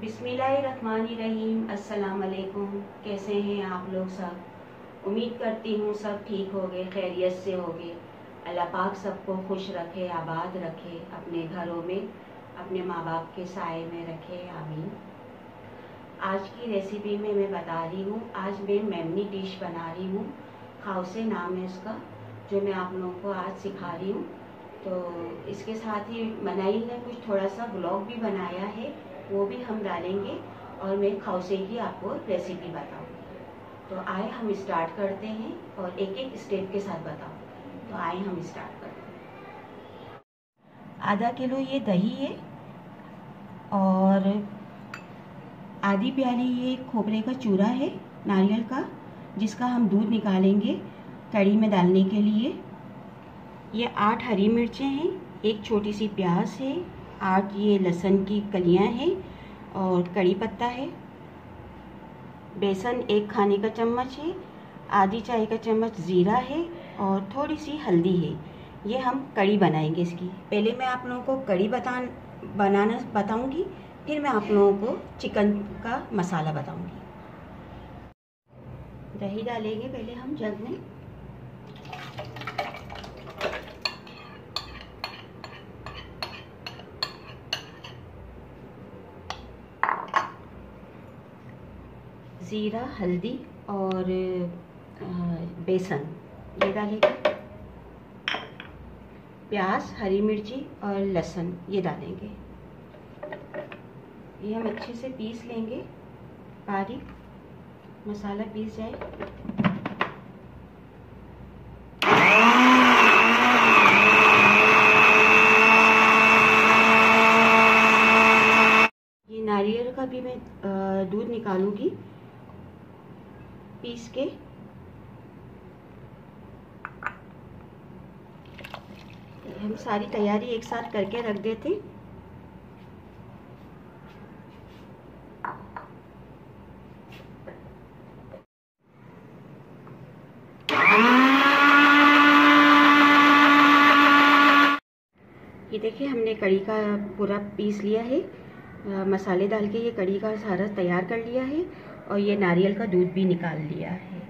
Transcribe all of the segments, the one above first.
बिसमीम असलकुम कैसे हैं आप लोग सब उम्मीद करती हूँ सब ठीक हो गए खैरियत से हो गए अल्लाह पाक सबको खुश रखे आबाद रखे अपने घरों में अपने माँ बाप के साय में रखे आमीन आज की रेसिपी में मैं बता रही हूँ आज मैं मेमनी डिश बना रही हूँ खाउसे नाम है उसका जो मैं आप लोगों को आज सिखा रही हूँ तो इसके साथ ही मनाई ने कुछ थोड़ा सा ब्लॉग भी बनाया है वो भी हम डालेंगे और मैं खाउसे की आपको रेसिपी बताऊंगी तो आए हम स्टार्ट करते हैं और एक एक स्टेप के साथ बताऊँ तो आए हम स्टार्ट करते हैं आधा किलो ये दही है और आधी प्याली ये खोपरे का चूरा है नारियल का जिसका हम दूध निकालेंगे कड़ी में डालने के लिए ये आठ हरी मिर्चें हैं एक छोटी सी प्याज है आठ ये लहसुन की कलियां हैं और कड़ी पत्ता है बेसन एक खाने का चम्मच है आधी चाय का चम्मच ज़ीरा है और थोड़ी सी हल्दी है ये हम कड़ी बनाएंगे इसकी पहले मैं आप लोगों को कड़ी बता बनाना बताऊंगी फिर मैं आप लोगों को चिकन का मसाला बताऊंगी दही डालेंगे पहले हम जग में ज़ीरा हल्दी और बेसन ये डालेंगे प्याज हरी मिर्ची और लहसुन ये डालेंगे ये हम अच्छे से पीस लेंगे बारीक मसाला पीस जाए नारियल का भी मैं दूध निकालूंगी पीस के हम सारी तैयारी एक साथ करके रख देते ये देखिए हमने कड़ी का पूरा पीस लिया है मसाले डाल के ये कड़ी का सारा तैयार कर लिया है और ये नारियल का दूध भी निकाल लिया है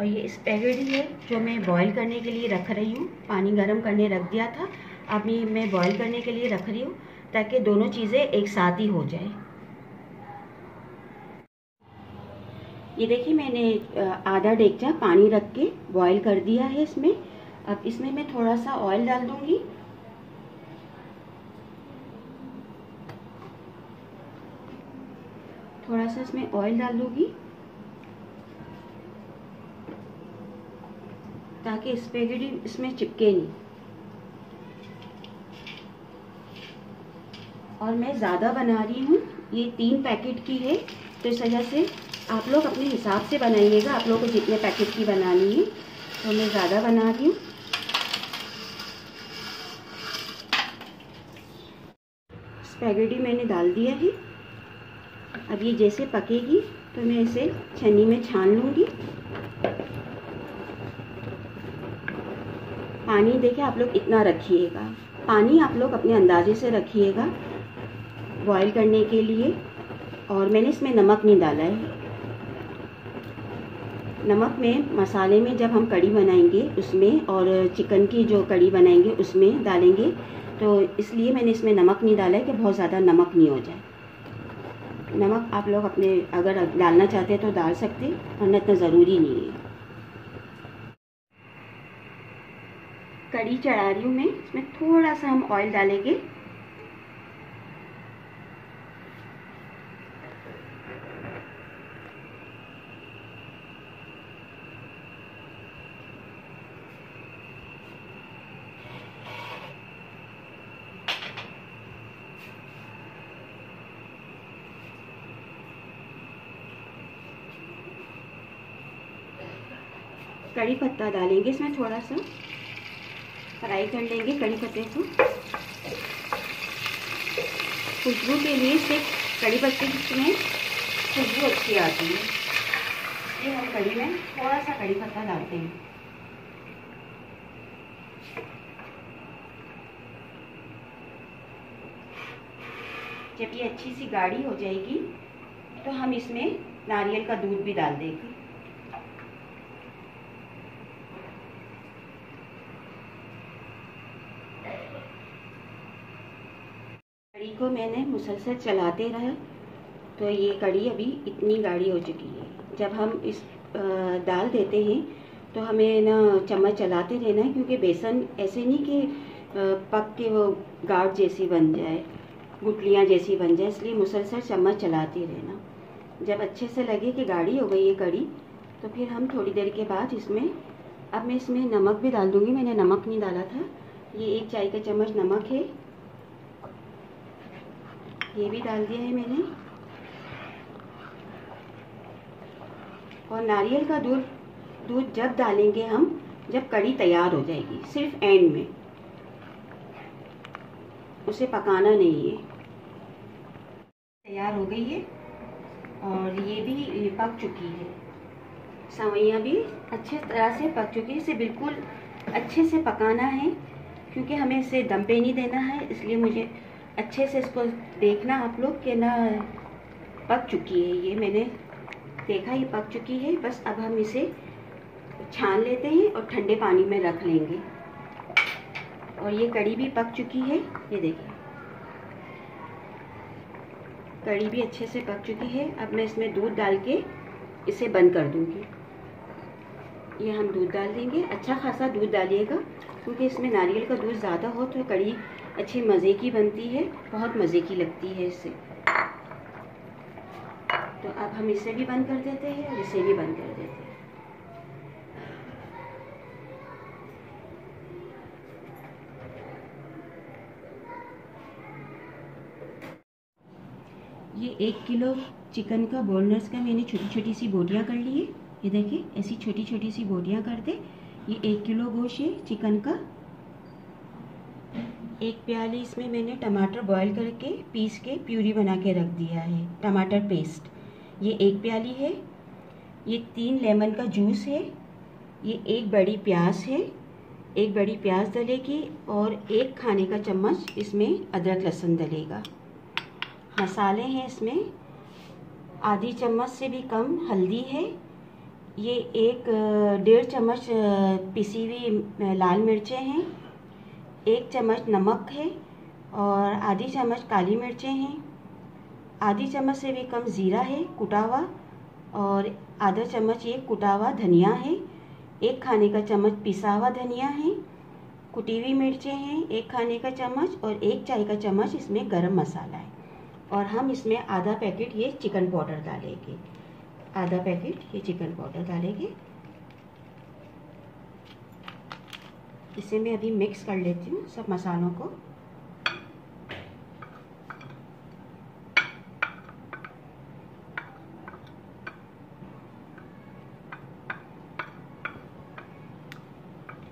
और ये स्पेगेटी है जो मैं बॉईल करने के लिए रख रही हूँ पानी गर्म करने रख दिया था अभी मैं बॉईल करने के लिए रख रही हूँ ताकि दोनों चीज़ें एक साथ ही हो जाए ये देखिए मैंने आधा डेगचा पानी रख के बॉईल कर दिया है इसमें अब इसमें मैं थोड़ा सा ऑयल डाल दूँगी थोड़ा सा इसमें ऑयल डाल दूंगी ताकि स्पेगेटी इसमें चिपके नहीं और मैं ज़्यादा बना रही हूँ ये तीन पैकेट की है तो इस वजह से आप लोग अपने हिसाब से बनाइएगा आप लोग को जितने पैकेट की बनानी है तो मैं ज़्यादा बना रही हूँ स्पेगेटी मैंने डाल दिया है अब ये जैसे पकेगी तो मैं इसे छन्नी में छान लूँगी पानी देखिए आप लोग इतना रखिएगा पानी आप लोग अपने अंदाजे से रखिएगा बॉईल करने के लिए और मैंने इसमें नमक नहीं डाला है नमक में मसाले में जब हम कड़ी बनाएंगे उसमें और चिकन की जो कड़ी बनाएंगे उसमें डालेंगे तो इसलिए मैंने इसमें नमक नहीं डाला है कि बहुत ज़्यादा नमक नहीं हो जाए नमक आप लोग अपने अगर डालना चाहते हैं तो डाल सकते वरना इतना ज़रूरी नहीं है कड़ी चढ़ा रही हूँ मैं इसमें थोड़ा सा हम ऑयल डालेंगे कड़ी पत्ता डालेंगे इसमें थोड़ा सा फ्राई कर लेंगे कड़ी पत्ते को खुशबू के लिए सिर्फ कड़ी पत्ते में खुशबू अच्छी आती है ये हम कड़ी में थोड़ा सा कड़ी पत्ता डालते हैं जब ये अच्छी सी गाढ़ी हो जाएगी तो हम इसमें नारियल का दूध भी डाल देंगे इसको मैंने मुसलसल चलाते रहे तो ये कड़ी अभी इतनी गाढ़ी हो चुकी है जब हम इस दाल देते हैं तो हमें ना चम्मच चलाते रहना है क्योंकि बेसन ऐसे नहीं कि पक के वो गाढ़ जैसी बन जाए गुटलियाँ जैसी बन जाए इसलिए मुसलसल चम्मच चलाते रहना जब अच्छे से लगे कि गाढ़ी हो गई ये कड़ी तो फिर हम थोड़ी देर के बाद इसमें अब मैं इसमें नमक भी डाल दूँगी मैंने नमक नहीं डाला था ये एक चाय का चम्मच नमक है ये भी डाल दिया है मैंने और नारियल का दूध दूध जब डालेंगे हम जब कड़ी तैयार हो जाएगी सिर्फ एंड में उसे पकाना नहीं है तैयार हो गई है और ये भी पक चुकी है सवैया भी अच्छे तरह से पक चुकी है इसे बिल्कुल अच्छे से पकाना है क्योंकि हमें इसे दम पे नहीं देना है इसलिए मुझे अच्छे से इसको देखना आप लोग कि ना पक चुकी है ये मैंने देखा ये पक चुकी है बस अब हम इसे छान लेते हैं और ठंडे पानी में रख लेंगे और ये कड़ी भी पक चुकी है ये देखिए कड़ी भी अच्छे से पक चुकी है अब मैं इसमें दूध डाल के इसे बंद कर दूंगी ये हम दूध डाल देंगे अच्छा खासा दूध डालिएगा क्योंकि इसमें नारियल का दूध ज़्यादा हो तो कड़ी अच्छे मज़े की बनती है बहुत मज़े की लगती है इससे तो अब हम इसे भी बंद कर देते हैं और इसे भी बंद कर देते हैं ये एक किलो चिकन का बोनलेस का मैंने छोटी छोटी सी बोटियाँ कर ली है ये देखिए ऐसी छोटी छोटी सी बोटियाँ कर दे ये एक किलो गोश है चिकन का एक प्याली इसमें मैंने टमाटर बॉईल करके पीस के प्यूरी बना के रख दिया है टमाटर पेस्ट ये एक प्याली है ये तीन लेमन का जूस है ये एक बड़ी प्याज है एक बड़ी प्याज डलेगी और एक खाने का चम्मच इसमें अदरक लहसुन डलेगा मसाले हैं इसमें आधी चम्मच से भी कम हल्दी है ये एक डेढ़ चम्मच पिसी हुई लाल मिर्चें हैं एक चम्मच नमक है और आधी चम्मच काली मिर्चें हैं आधी चम्मच से भी कम ज़ीरा है कुटा हुआ और आधा चम्मच ये कुटा हुआ धनिया है एक खाने का चम्मच पिसा हुआ धनिया है कुटी हुई मिर्चें हैं एक खाने का चम्मच और एक चाय का चम्मच इसमें गरम मसाला है और हम इसमें आधा पैकेट ये चिकन पाउडर डालेंगे आधा पैकेट ये चिकन पाउडर डालेंगे इसे मैं अभी मिक्स कर लेती हूँ सब मसालों को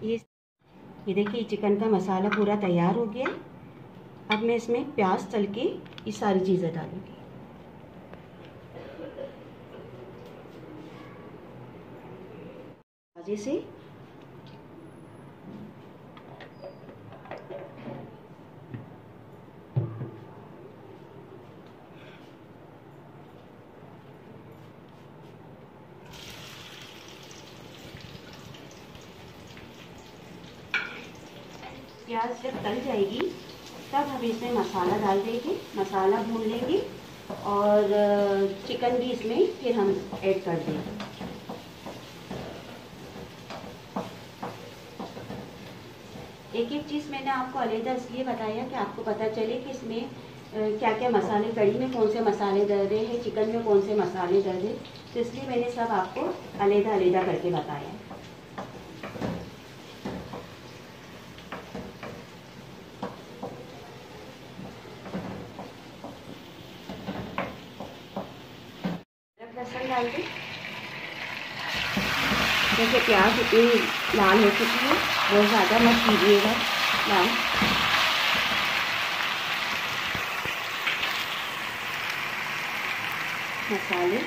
ये ये देखिए चिकन का मसाला पूरा तैयार हो गया अब मैं इसमें प्याज तल के ये सारी चीज़ें डालूंगी से प्याज जब तल जाएगी तब हम इसमें मसाला डाल देंगे मसाला भून लेंगे और चिकन भी इसमें फिर हम ऐड कर देंगे एक एक चीज़ मैंने आपको अलहदा इसलिए बताया कि आपको पता चले कि इसमें क्या क्या मसाले कड़ी में कौन से मसाले रहे हैं चिकन में कौन से मसाले रहे हैं तो इसलिए मैंने सब आपको अलहदा अलहदा करके बताया डाल दें जैसे प्याज इतनी लाल हो चुकी है बहुत ज़्यादा मत कीजिएगा लाल मसाले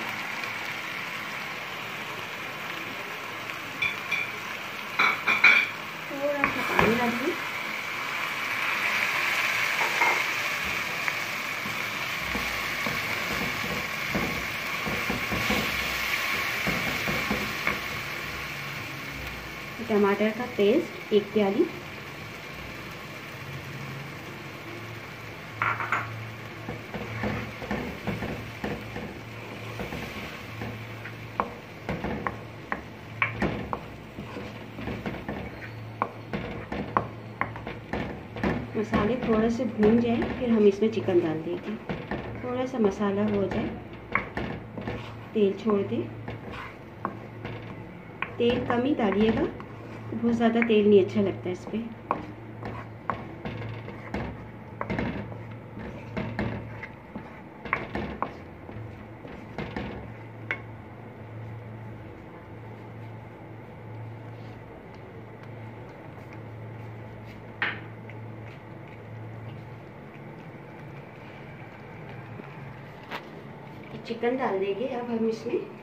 टमाटर का पेस्ट एक प्याली मसाले थोड़े से भून जाए फिर हम इसमें चिकन डाल देंगे थोड़ा सा मसाला हो जाए तेल छोड़ दें तेल कम ही डालिएगा बहुत ज़्यादा तेल नहीं अच्छा लगता इस पर चिकन डाल देंगे अब हम इसमें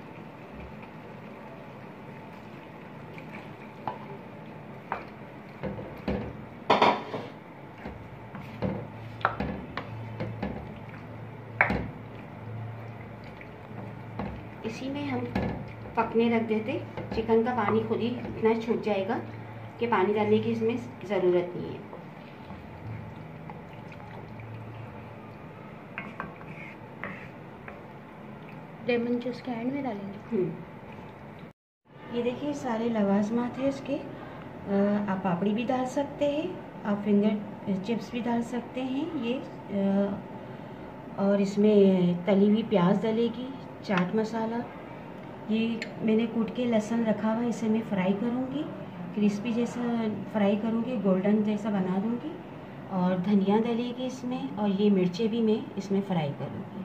नहीं रख देते चिकन का पानी खुद ही इतना छूट जाएगा कि पानी डालने की इसमें ज़रूरत नहीं है लेमन जूस के एंड में डालेंगे हम्म। ये देखिए सारे लवाजमात है इसके आप पापड़ी भी डाल सकते हैं आप फिंगर चिप्स भी डाल सकते हैं ये और इसमें तली हुई प्याज डलेगी चाट मसाला ये मैंने कूट के लहसुन रखा हुआ इसे मैं फ्राई करूँगी क्रिस्पी जैसा फ्राई करूँगी गोल्डन जैसा बना दूँगी और धनिया डलेगी इसमें और ये मिर्चें भी मैं इसमें फ्राई करूँगी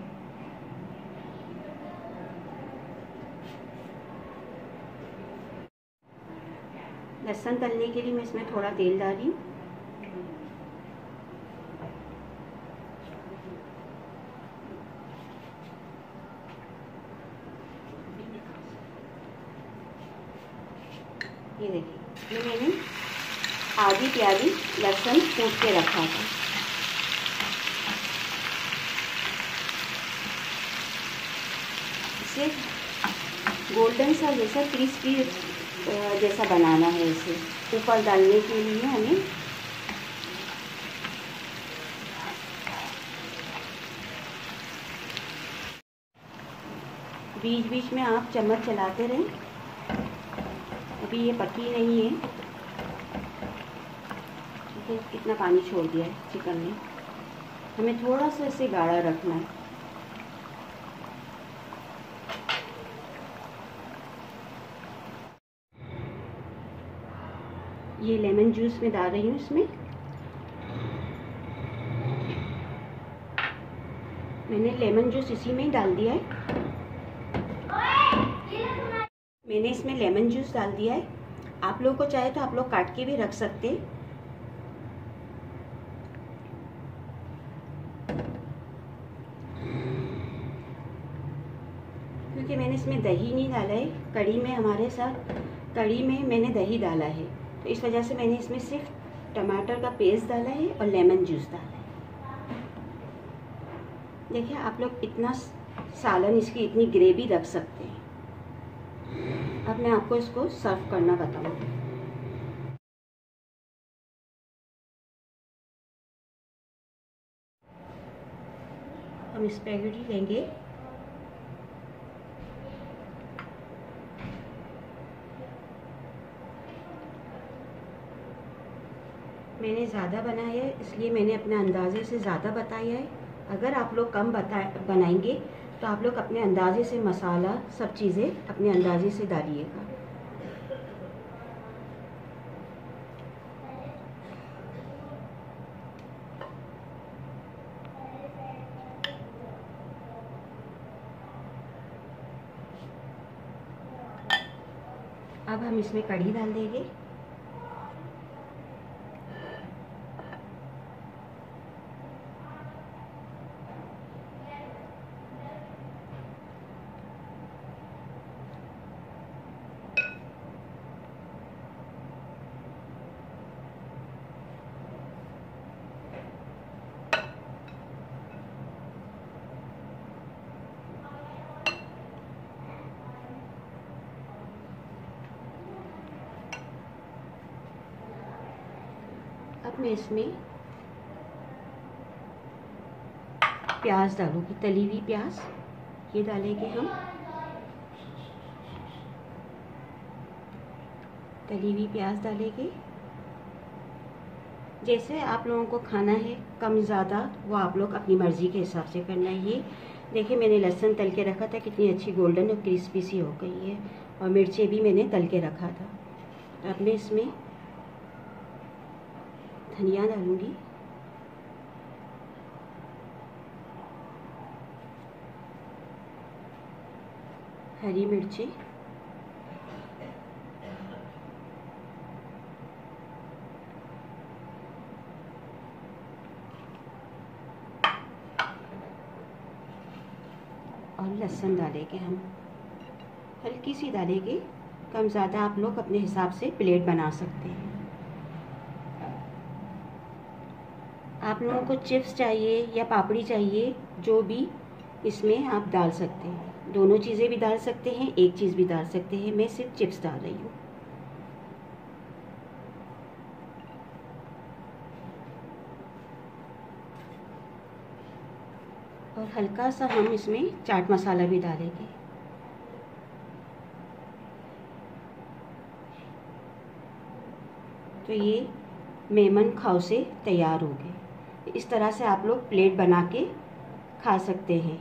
लहसुन तलने के लिए मैं इसमें थोड़ा तेल डाली ये देखिए ये मैंने आधी प्याजी लहसुन कूट के रखा था इसे गोल्डन सा जैसा क्रिस्पी जैसा बनाना है इसे ऊपर डालने के लिए हमें बीच बीच में आप चम्मच चलाते रहें अभी ये पकी नहीं है तो कितना पानी छोड़ दिया है चिकन ने हमें थोड़ा सा इसे गाढ़ा रखना है ये लेमन जूस में डाल रही हूँ इसमें मैंने लेमन जूस इसी में ही डाल दिया है मैंने इसमें लेमन जूस डाल दिया है आप लोगों को चाहे तो आप लोग काट के भी रख सकते हैं क्योंकि मैंने इसमें दही नहीं डाला है कड़ी में हमारे साथ कड़ी में मैंने दही डाला है तो इस वजह से मैंने इसमें सिर्फ टमाटर का पेस्ट डाला है और लेमन जूस डाला है देखिए आप लोग इतना सालन इसकी इतनी ग्रेवी रख सकते हैं अब मैं आपको इसको सर्व करना बताऊंगी हम स्पैगेटी लेंगे मैंने ज़्यादा बनाया है इसलिए मैंने अपने अंदाजे से ज़्यादा बताया है अगर आप लोग कम बताए बनाएंगे तो आप लोग अपने अंदाजे से मसाला सब चीज़ें अपने अंदाजे से डालिएगा अब हम इसमें कढ़ी डाल देंगे इसमें प्याज डालूंगी तली हुई प्याज ये डालेंगे हम तली हुई प्याज डालेंगे जैसे आप लोगों को खाना है कम ज़्यादा वो आप लोग अपनी मर्ज़ी के हिसाब से करना है ये देखिए मैंने लहसुन तल के रखा था कितनी अच्छी गोल्डन और क्रिस्पी सी हो गई है और मिर्चें भी मैंने तल के रखा था अब मैं इसमें धनिया डालूंगी हरी मिर्ची और लहसुन डालेंगे हम हल्की सी डालेंगे कम ज़्यादा आप लोग अपने हिसाब से प्लेट बना सकते हैं आप लोगों को चिप्स चाहिए या पापड़ी चाहिए जो भी इसमें आप डाल सकते हैं दोनों चीज़ें भी डाल सकते हैं एक चीज़ भी डाल सकते हैं मैं सिर्फ चिप्स डाल रही हूँ और हल्का सा हम इसमें चाट मसाला भी डालेंगे तो ये मेमन खाओ से तैयार हो गए इस तरह से आप लोग प्लेट बना के खा सकते हैं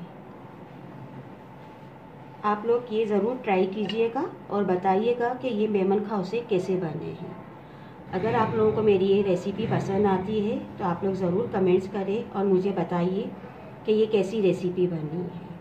आप लोग ये ज़रूर ट्राई कीजिएगा और बताइएगा कि ये मेमन से कैसे बने हैं अगर आप लोगों को मेरी ये रेसिपी पसंद आती है तो आप लोग ज़रूर कमेंट्स करें और मुझे बताइए कि ये कैसी रेसिपी बनी है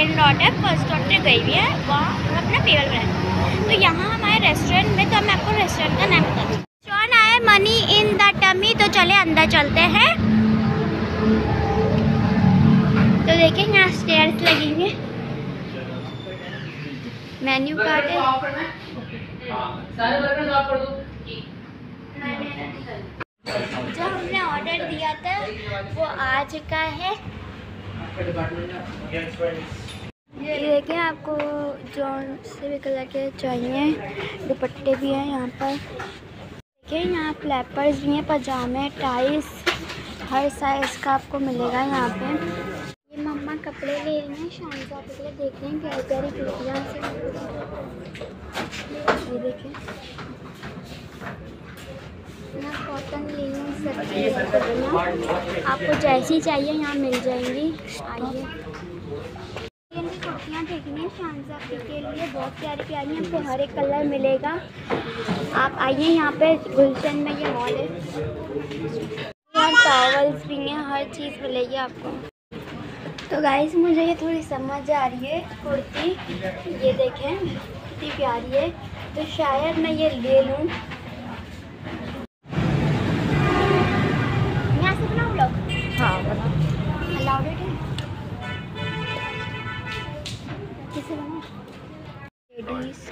सेकेंड डॉट है फर्स्ट डॉट पर गई हुई है वहाँ हम अपना टेबल बनाए तो यहाँ हमारे रेस्टोरेंट में तो मैं आपको रेस्टोरेंट का नाम बताती हूँ जॉन आए मनी इन द टमी तो चले अंदर चलते हैं तो देखिए यहाँ स्टेयर्स लगी हुई मेन्यू कार्ड है जो हमने ऑर्डर दिया था वो आज का है ये देखें आपको जौन से भी कलर के चाहिए दुपट्टे भी हैं यहाँ पर देखिए यहाँ फ्लैपर्स भी हैं पजामे टाइस हर साइज़ का आपको मिलेगा यहाँ पे मम्मा कपड़े ले रही हैं शाम को आप कपड़े देख रहे हैं प्यारी प्यारी कुर्तियाँ से ये देखिए कॉटन ले सकती सब आपको जैसी चाहिए यहाँ मिल जाएंगी आइए यहाँ देखिए शाम साफी के लिए बहुत प्यारी प्यारी आपको हर एक कलर मिलेगा आप आइए यहाँ पे गुलशन में ये मॉल है यहाँ भी हैं हर चीज़ मिलेगी आपको तो गाइस मुझे ये थोड़ी समझ आ रही है कुर्ती ये देखें कितनी प्यारी है तो शायद मैं ये ले लूँ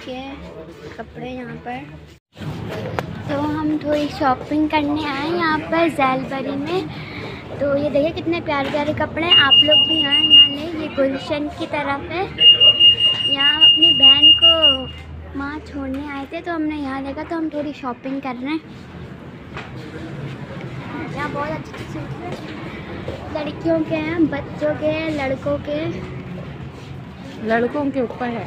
के कपड़े यहाँ पर तो हम थोड़ी शॉपिंग करने आए यहाँ पर जैलबरी में तो ये देखिए कितने प्यारे प्यारे कपड़े हैं आप लोग भी हैं यहाँ ले ये गुलशन की तरफ है यहाँ अपनी बहन को माँ छोड़ने आए थे तो हमने यहाँ देखा तो हम थोड़ी शॉपिंग कर रहे हैं यहाँ बहुत अच्छे अच्छे सूट लड़कियों के हैं बच्चों के लड़कों के लड़कों के ऊपर है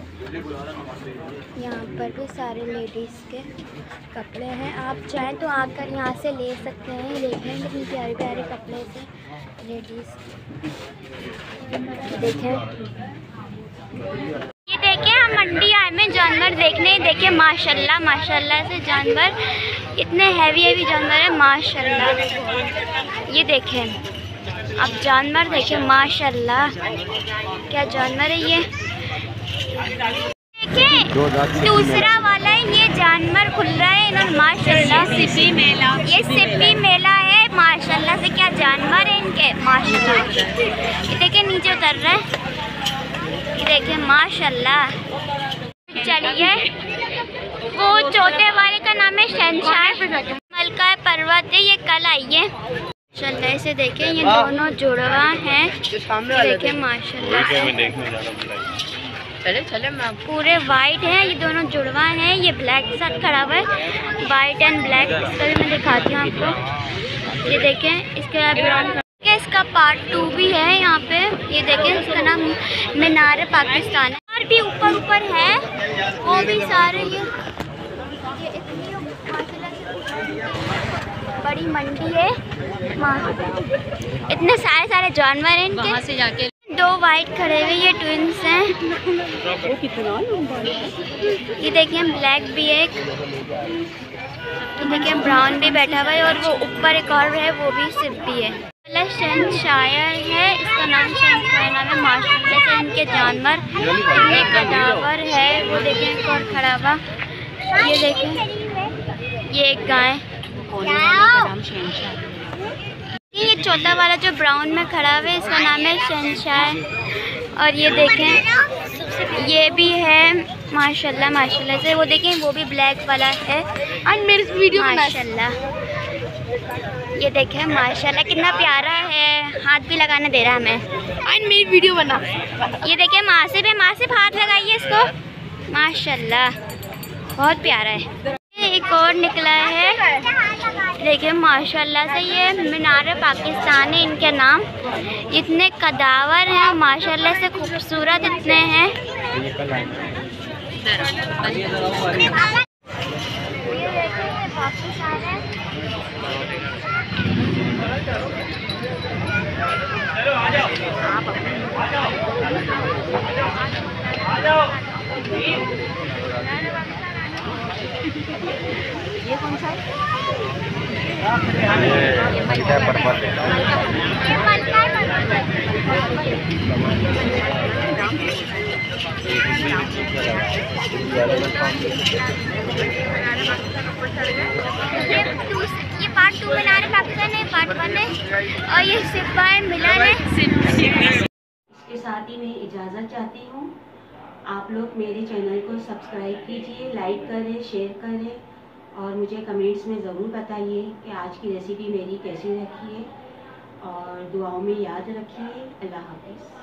यहाँ पर भी सारे लेडीज़ के कपड़े हैं आप चाहें तो आकर यहाँ से ले सकते हैं लेकिन कितने प्यारे प्यारे कपड़े थे लेडीज़ देखें ये देखें हम मंडी आए में जानवर देखने देखें माशाल्लाह माशाल्लाह से जानवर इतने हैवी हैवी जानवर है माशाल्लाह ये देखें अब जानवर देखें माशाल्लाह क्या जानवर है ये दूसरा वाला है ये जानवर खुल रहा है इन्होंने माशाल्लाह सिपी मेला ये सिपी मेला है माशाल्लाह से क्या जानवर है इनके माशाल्लाह ये तो देखिए नीचे उतर रहे हैं ये देखिए माशाल्लाह चलिए वो चौथे वाले का नाम है शनशाह मलका पर्वत है ये कल आइए है माशाल्लाह इसे देखिए ये हाँ। दोनों जुड़वा है देखिए माशाल्लाह चले चले मैं पूरे वाइट हैं ये दोनों जुड़वा हैं ये ब्लैक के साथ खड़ा हुआ है वाइट एंड ब्लैक इसका भी मैं दिखाती हूँ आपको ये देखें इसके बाद ब्राउन कलर इसका पार्ट टू भी है यहाँ पे ये देखें इसका नाम मीनार पाकिस्तान और भी ऊपर ऊपर है वो भी सारे ये बड़ी मंडी है इतने सारे सारे जानवर हैं इनके से जाके दो वाइट खड़े हुए ये ट्विंस हैं ये देखिए ब्लैक भी है ये देखिए ब्राउन भी बैठा हुआ है और वो ऊपर एक और है वो भी सिर्फ भी है पहला शन शायर है इसका नाम शन शायर नाम है मार्शल जैसे इनके जानवर इनके कदावर है वो देखिए एक और खड़ा हुआ ये देखिए ये एक गाय ये चौथा वाला जो ब्राउन में खड़ा हुआ है इसका नाम है शनशाइन और ये देखें ये भी है माशाल्लाह माशाल्लाह से वो देखें वो भी ब्लैक वाला है एंड मेरे वीडियो माशाल्लाह ये देखें माशाल्लाह कितना प्यारा है हाथ भी लगाने दे रहा है हमें मेरी वीडियो बना ये देखें मासिब है मासिब हाथ लगाइए इसको माशाल्लाह बहुत प्यारा है एक और निकला है देखिए माशाल्लाह से ये मीनार पाकिस्तान है इनके नाम इतने कदावर हैं माशाल्लाह से खूबसूरत इतने हैं आ जाओ ये कौन सा ये part two Pakistan part one है और ये सिपाही मिला है इसके साथ ही मैं इजाज़त चाहती आप लोग मेरे चैनल को सब्सक्राइब कीजिए लाइक करें शेयर करें और मुझे कमेंट्स में ज़रूर बताइए कि आज की रेसिपी मेरी कैसी रखी है और दुआओं में याद रखिए अल्लाह हाफिज़